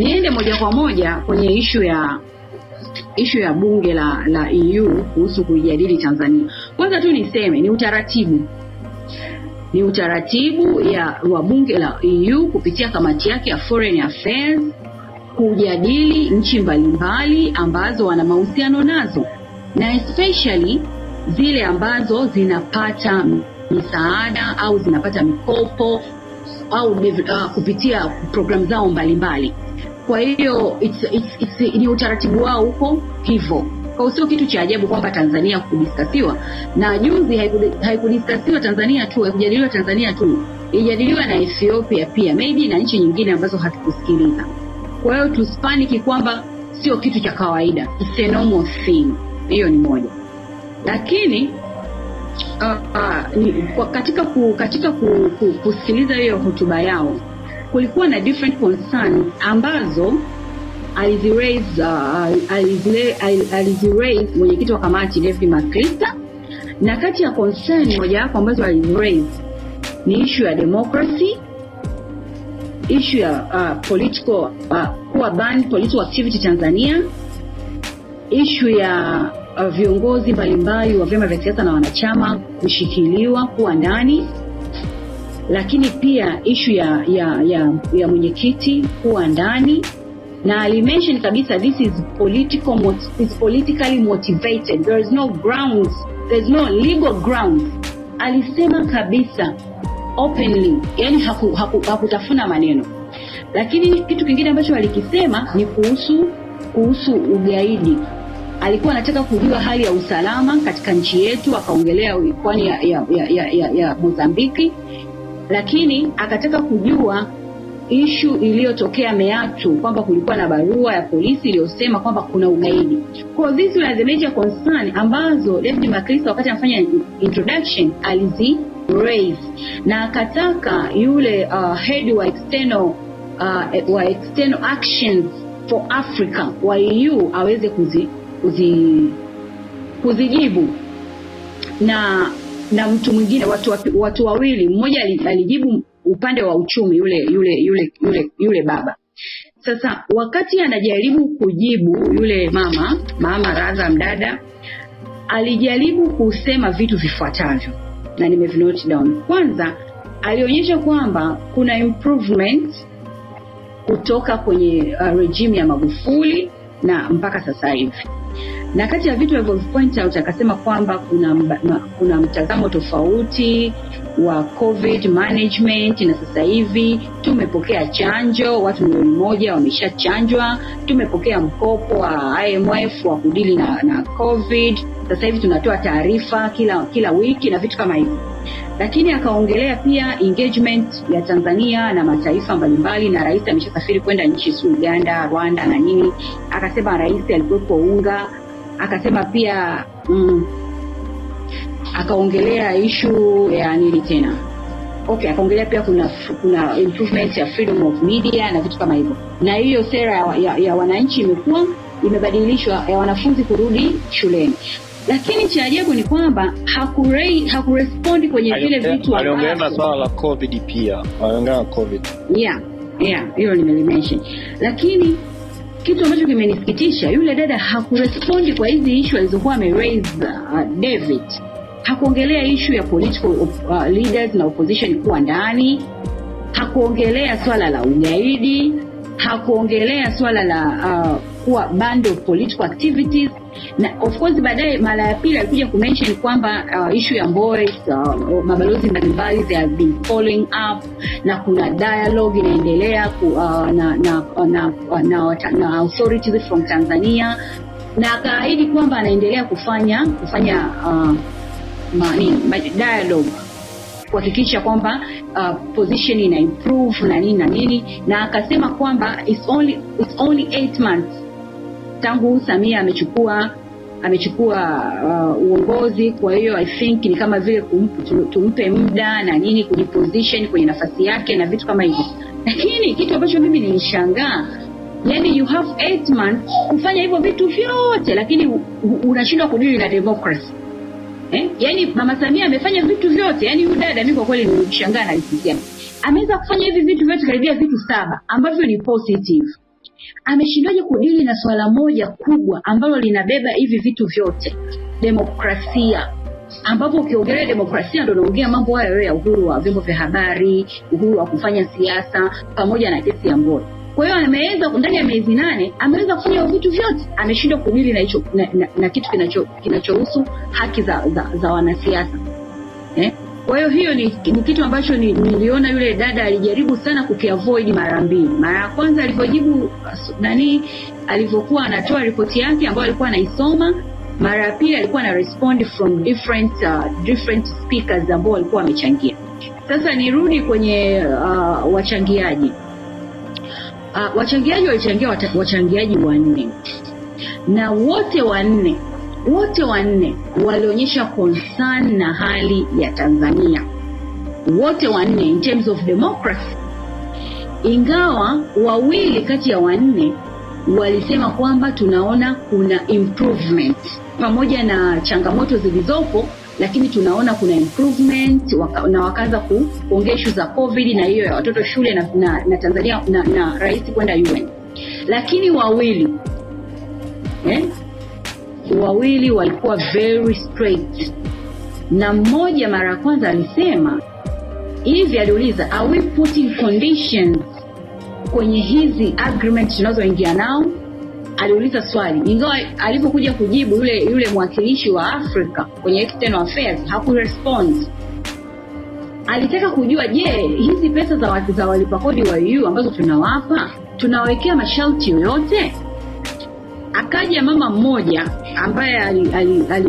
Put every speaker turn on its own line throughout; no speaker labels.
Niende moja kwa moja kwenye ishu ya ishu ya bunge la la EU kuhusu kuijadili Tanzania. Kwanza tu niseme ni utaratibu ni utaratibu ya wa bunge la EU kupitia kamati yake ya Foreign Affairs kujadili nchi mbalimbali ambazo wana mahusiano nazo na especially zile ambazo zinapata misaada au zinapata mikopo au uh, kupitia programu zao mbalimbali. Kwa hiyo it's, it's, it's, ni utaratibu wao huko hivyo kwa sio kitu cha ajabu kwamba Tanzania kudiskasiwa na juzi haikudiskasiwa Tanzania tu, haikujadiliwa Tanzania tu, ijadiliwa na Ethiopia pia maybe na nchi nyingine ambazo hatukusikiliza. Kwa hiyo tuspaniki kwamba sio kitu cha kawaida, it's thing. Hiyo ni moja, lakini uh, uh, katika, ku, katika ku, ku, kusikiliza hiyo hotuba yao kulikuwa na different concern ambazo alizirais uh, mwenyekiti wa kamati David Makrista, na kati ya concern mojawapo ambazo alizirais ni ishu ya democracy, issue ya uh, political uh, kuwa ban political activity Tanzania, ishu ya uh, viongozi mbalimbali wa vyama vya siasa na wanachama kushikiliwa kuwa ndani lakini pia ishu ya ya ya, ya mwenyekiti kuwa ndani na alimention kabisa this is political is politically motivated there is no grounds there is no legal grounds alisema kabisa openly yani hakutafuna haku, haku maneno lakini kitu kingine ambacho alikisema ni kuhusu kuhusu ugaidi alikuwa anataka kujua hali ya usalama katika nchi yetu akaongelea pwani ya, ya, ya, ya, ya, ya mozambiki lakini akataka kujua ishu iliyotokea Meatu kwamba kulikuwa na barua ya polisi iliyosema kwamba kuna ugaidi. Kwa hiyo these were the major concern ambazo David McAllister wakati anafanya introduction alizi raise na akataka yule uh, head wa external uh, wa external actions for Africa wa EU aweze kuzi, kuzi, kuzijibu na na mtu mwingine, watu, watu wawili, mmoja alijibu upande wa uchumi, yule yule yule yule yule baba. Sasa wakati anajaribu kujibu yule mama mama radha mdada alijaribu kusema vitu vifuatavyo na nimevinote down. Kwanza alionyesha kwamba kuna improvement kutoka kwenye uh, regime ya Magufuli na mpaka sasa hivi na kati ya vitu point out akasema kwamba kuna, kuna mtazamo tofauti wa COVID management na sasa hivi tumepokea chanjo, watu milioni moja wameshachanjwa, tumepokea mkopo wa IMF wa kudili na, na COVID, sasa hivi tunatoa taarifa kila, kila wiki na vitu kama hivi lakini akaongelea pia engagement ya Tanzania na mataifa mbalimbali, na rais ameshasafiri kwenda nchi su Uganda, Rwanda na nini. Akasema rais alikuwepo unga akasema pia mm, akaongelea ishu ya nini tena okay, akaongelea pia kuna kuna improvement ya freedom of media na vitu kama hivyo, na hiyo sera ya, ya, ya wananchi imekuwa imebadilishwa ya wanafunzi kurudi shuleni, lakini cha ajabu ni kwamba hakurei hakurespondi kwenye vile vitu.
Aliongelea na swala la COVID pia, aliongelea COVID.
Yeah, yeah, hiyo nimelimenshi lakini kitu ambacho kimenisikitisha, yule dada hakurespondi kwa hizi ishu alizokuwa ameraise. Uh, David hakuongelea ishu ya political uh, leaders na opposition kuwa ndani, hakuongelea swala la ugaidi, hakuongelea swala la uh, kuwa bando political activities na of course baadaye mara ya pili alikuja kumention kwamba uh, issue ya mboe uh, uh, mabalozi mbalimbali they have been following up na kuna dialogue inaendelea ku, uh, na, na, uh, na, uh, na, na authorities from Tanzania na akaahidi kwamba anaendelea kufanya kufanya uh, dialogue kuhakikisha kwamba uh, position ina improve na nini na nini na akasema kwamba it's only, it's only eight months tangu Samia amechukua amechukua uh, uongozi. Kwa hiyo I think ni kama vile tumpe muda na nini kujiposition kwenye nafasi yake na vitu kama hivyo, lakini kitu ambacho mimi nilishangaa yani you have eight months kufanya hivyo vitu vyote, lakini unashindwa kudili na democracy eh? Yani mama Samia amefanya vitu vyote, yani huyu dada mimi kwa kweli nilishangaa na ameweza kufanya hivi vitu vyote karibia vitu saba ambavyo ni positive ameshindwaje kudili na swala moja kubwa ambalo linabeba hivi vitu vyote, demokrasia ambapo ukiongelea demokrasia ndo unaongea mambo hayo ya uhuru wa vyombo vya habari, uhuru wa kufanya siasa pamoja na kesi ya ngono. Kwa hiyo ameweza ndani ya miezi nane ameweza kufanya vitu vyote, ameshindwa kudili na, na, na, na kitu kinachohusu kinacho haki za, za, za wanasiasa eh? Kwa hiyo hiyo ni, ni kitu ambacho niliona ni yule dada alijaribu sana kukiavoid mara mbili. Mara ya kwanza alivyojibu nani, alivyokuwa anatoa ripoti yake ambayo alikuwa anaisoma mara ya pili alikuwa na respond from different uh, different speakers ambao walikuwa wamechangia. Sasa nirudi kwenye uh, wachangiaji uh, wachangiaji walichangia wachangiaji wanne na wote wanne wote wanne walionyesha concern na hali ya Tanzania, wote wanne in terms of democracy, ingawa wawili kati ya wanne walisema kwamba tunaona kuna improvement pamoja na changamoto zilizopo, lakini tunaona kuna improvement waka, na wakaanza kuongea ishu za COVID na hiyo ya watoto shule na, na, na Tanzania na, na rais kwenda UN, lakini wawili eh, wawili walikuwa very straight, na mmoja mara ya kwanza alisema hivi, aliuliza are we putting conditions kwenye hizi agreement tunazoingia nao? Aliuliza swali, ingawa alipokuja kujibu yule yule mwakilishi wa Afrika kwenye external affairs hakurespond. Alitaka kujua je, hizi pesa za, za walipa kodi wa EU ambazo tunawapa tunawekea masharti yoyote? Akaja mama mmoja ambaye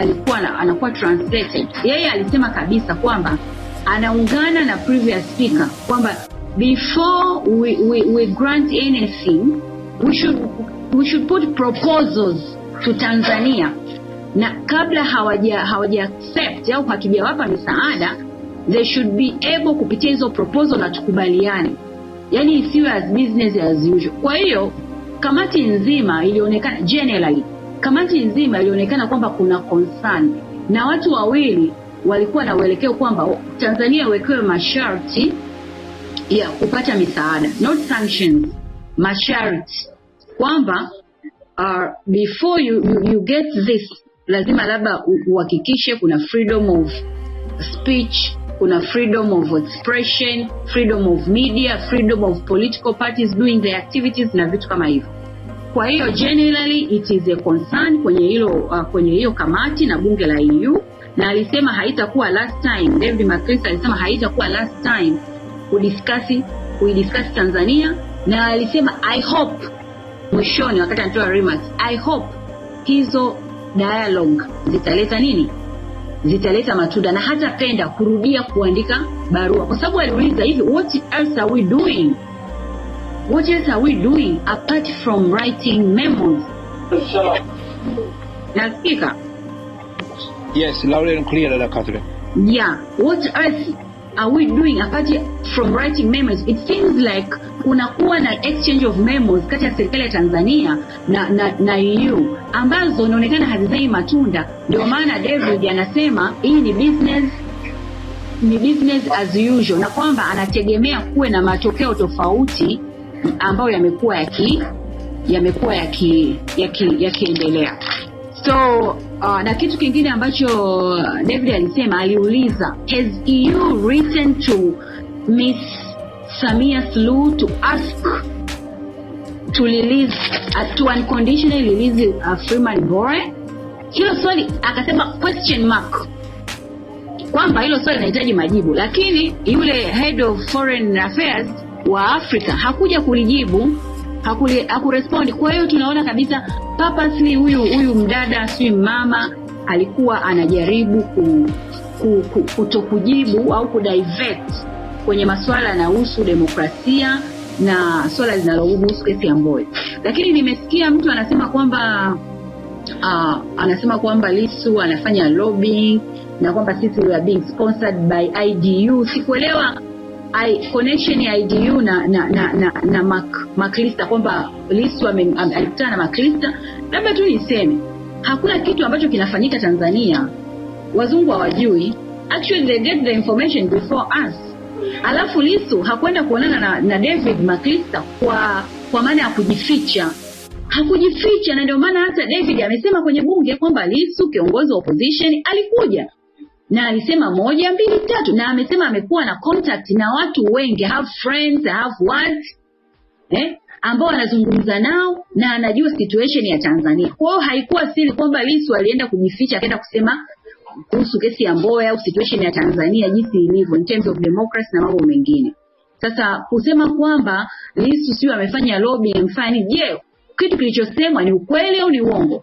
alikuwa anakuwa translated, yeye alisema kabisa kwamba anaungana na previous speaker kwamba before we, we, we grant anything we should, we should put proposals to Tanzania na kabla hawaja hawaja accept au hakijawapa misaada they should be able kupitia hizo proposal na tukubaliane, yani isiwe as business as usual. Kwa hiyo kamati nzima ilionekana generally, kamati nzima ilionekana kwamba kuna concern na watu wawili walikuwa na uelekeo kwamba Tanzania iwekewe masharti ya kupata misaada, not sanctions, masharti kwamba uh, before you, you, you get this lazima labda uhakikishe kuna freedom of speech kuna freedom of expression, freedom of media, freedom of political parties doing their activities na vitu kama hivyo. Kwa hiyo generally it is a concern kwenye hilo uh, kwenye hiyo kamati na bunge la EU na alisema haitakuwa last time. David McAllister alisema haitakuwa last time kudiscuss kuidiscuss Tanzania, na alisema I hope mwishoni, wakati anatoa remarks, I hope hizo dialogue zitaleta nini zitaleta matunda na hata penda kurudia kuandika barua, kwa sababu aliuliza hivi, what else are we doing, what else are we doing apart from writing memos. Nasikika?
Yes, loud and clear, dada Catherine.
Yeah, what else are we doing apart from writing memos it seems like kunakuwa na exchange of memos kati ya serikali ya Tanzania na na, na EU ambazo inaonekana hazizai matunda. Ndio maana David anasema hii ni business ni business as usual, na kwamba anategemea kuwe na matokeo tofauti ambayo yamekuwa yaki yamekuwa yakiendelea yaki so Uh, na kitu kingine ambacho uh, David alisema, aliuliza has EU written to Miss Samia Suluhu to ask to release uh, to unconditionally release uh, Freeman Mbowe. Hilo swali akasema question mark kwamba hilo swali linahitaji majibu, lakini yule head of foreign affairs wa Afrika hakuja kulijibu hakurespondi. Kwa hiyo tunaona kabisa purposely huyu huyu mdada si mama alikuwa anajaribu ku, ku, ku, kutokujibu au kudivet kwenye masuala yanayohusu demokrasia na swala linalohusu kesi ya Mbowe. Lakini nimesikia mtu anasema kwamba uh, anasema kwamba lisu anafanya lobbying na kwamba sisi we are being sponsored by IDU. Sikuelewa I, connection ya IDU na na na, na, na Mac, makrista kwamba Lissu alikutana na makrista. Labda tu niseme hakuna kitu ambacho kinafanyika Tanzania wazungu hawajui, actually they get the information before us. Alafu Lissu hakwenda kuonana na, na David makrista kwa kwa maana ya kujificha hakujificha na ndio maana hata David amesema kwenye bunge kwamba Lissu kiongozi wa opposition alikuja na alisema moja mbili tatu na amesema amekuwa na contact na watu wengi have friends have what eh? ambao anazungumza nao na anajua situation ya Tanzania. Kwa hiyo haikuwa siri kwamba Lissu alienda kujificha akaenda kusema kuhusu kesi ya mboya au situation ya Tanzania jinsi ilivyo in terms of democracy na mambo mengine. Sasa kusema kwamba Lissu sio amefanya lobby amfani, je, kitu kilichosemwa ni ukweli au ni uongo?